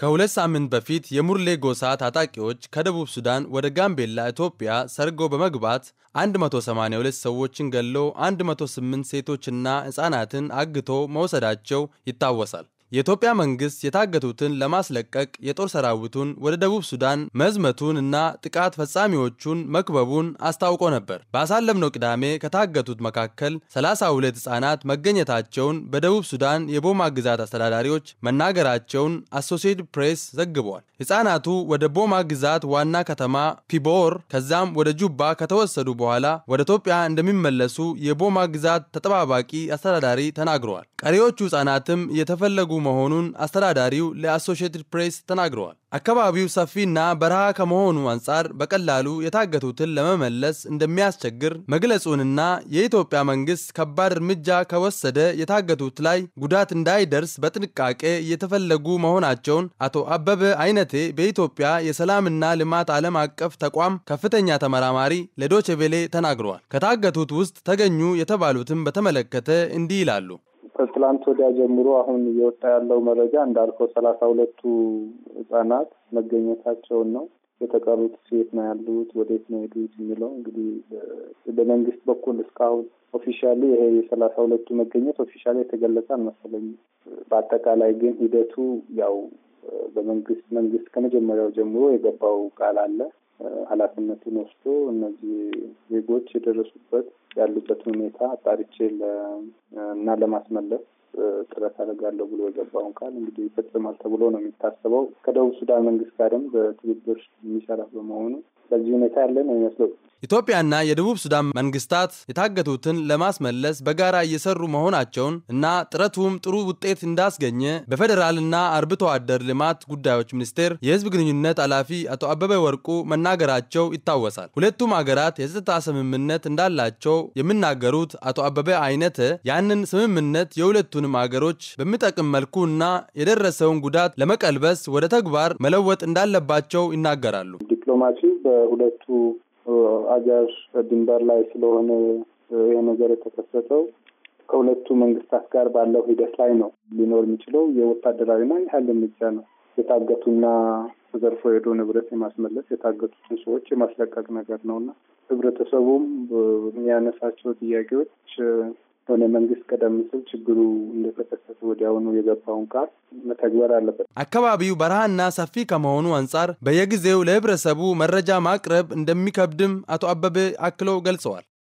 ከሁለት ሳምንት በፊት የሙርሌ ጎሳ ታጣቂዎች ከደቡብ ሱዳን ወደ ጋምቤላ ኢትዮጵያ ሰርጎ በመግባት 182 ሰዎችን ገሎ 108 ሴቶችና ሕፃናትን አግቶ መውሰዳቸው ይታወሳል። የኢትዮጵያ መንግስት የታገቱትን ለማስለቀቅ የጦር ሰራዊቱን ወደ ደቡብ ሱዳን መዝመቱን እና ጥቃት ፈጻሚዎቹን መክበቡን አስታውቆ ነበር። ባሳለፍነው ቅዳሜ ከታገቱት መካከል 32 ህጻናት መገኘታቸውን በደቡብ ሱዳን የቦማ ግዛት አስተዳዳሪዎች መናገራቸውን አሶሲየትድ ፕሬስ ዘግቧል። ህጻናቱ ወደ ቦማ ግዛት ዋና ከተማ ፒቦር ከዛም ወደ ጁባ ከተወሰዱ በኋላ ወደ ኢትዮጵያ እንደሚመለሱ የቦማ ግዛት ተጠባባቂ አስተዳዳሪ ተናግረዋል። ቀሪዎቹ ህጻናትም የተፈለጉ መሆኑን አስተዳዳሪው ለአሶሽትድ ፕሬስ ተናግረዋል። አካባቢው ሰፊና በረሃ ከመሆኑ አንጻር በቀላሉ የታገቱትን ለመመለስ እንደሚያስቸግር መግለጹንና የኢትዮጵያ መንግስት ከባድ እርምጃ ከወሰደ የታገቱት ላይ ጉዳት እንዳይደርስ በጥንቃቄ እየተፈለጉ መሆናቸውን አቶ አበበ አይነቴ በኢትዮጵያ የሰላምና ልማት ዓለም አቀፍ ተቋም ከፍተኛ ተመራማሪ ለዶቼ ቬሌ ተናግረዋል። ከታገቱት ውስጥ ተገኙ የተባሉትን በተመለከተ እንዲህ ይላሉ። ከትላንት ወዲያ ጀምሮ አሁን እየወጣ ያለው መረጃ እንዳልከው ሰላሳ ሁለቱ ህጻናት መገኘታቸውን ነው። የተቀሩት ሴት ነው ያሉት፣ ወዴት ነው ሄዱት የሚለው እንግዲህ በመንግስት በኩል እስካሁን ኦፊሻሊ ይሄ የሰላሳ ሁለቱ መገኘት ኦፊሻሊ የተገለጸ አልመሰለኝም። በአጠቃላይ ግን ሂደቱ ያው በመንግስት መንግስት ከመጀመሪያው ጀምሮ የገባው ቃል አለ ኃላፊነትን ወስዶ እነዚህ ዜጎች የደረሱበት ያሉበት ሁኔታ አጣርቼ እና ለማስመለስ ጥረት አደርጋለሁ ብሎ የገባውን ቃል እንግዲህ ይፈጽማል ተብሎ ነው የሚታሰበው። ከደቡብ ሱዳን መንግስት ጋርም በትብብር የሚሰራ በመሆኑ በዚህ ሁኔታ ያለ ነው ኢትዮጵያና የደቡብ ሱዳን መንግስታት የታገቱትን ለማስመለስ በጋራ እየሰሩ መሆናቸውን እና ጥረቱም ጥሩ ውጤት እንዳስገኘ በፌዴራልና አርብቶ አደር ልማት ጉዳዮች ሚኒስቴር የህዝብ ግንኙነት ኃላፊ አቶ አበበ ወርቁ መናገራቸው ይታወሳል። ሁለቱም ሀገራት የጸጥታ ስምምነት እንዳላቸው የሚናገሩት አቶ አበበ አይነተ ያንን ስምምነት የሁለቱን ሁለቱንም አገሮች በሚጠቅም መልኩ እና የደረሰውን ጉዳት ለመቀልበስ ወደ ተግባር መለወጥ እንዳለባቸው ይናገራሉ። ዲፕሎማሲው በሁለቱ አገር ድንበር ላይ ስለሆነ ይህ ነገር የተከሰተው ከሁለቱ መንግስታት ጋር ባለው ሂደት ላይ ነው ሊኖር የሚችለው። የወታደራዊና የሀይል እርምጃ ነው። የታገቱና ተዘርፎ የሄዱ ንብረት የማስመለስ የታገቱትን ሰዎች የማስለቀቅ ነገር ነው እና ህብረተሰቡም የሚያነሳቸው ጥያቄዎች ሆነ መንግስት ቀደም ሲል ችግሩ እንደተከሰተ ወዲያውኑ የገባውን ቃል መተግበር አለበት። አካባቢው በረሃና ሰፊ ከመሆኑ አንጻር በየጊዜው ለህብረተሰቡ መረጃ ማቅረብ እንደሚከብድም አቶ አበበ አክለው ገልጸዋል።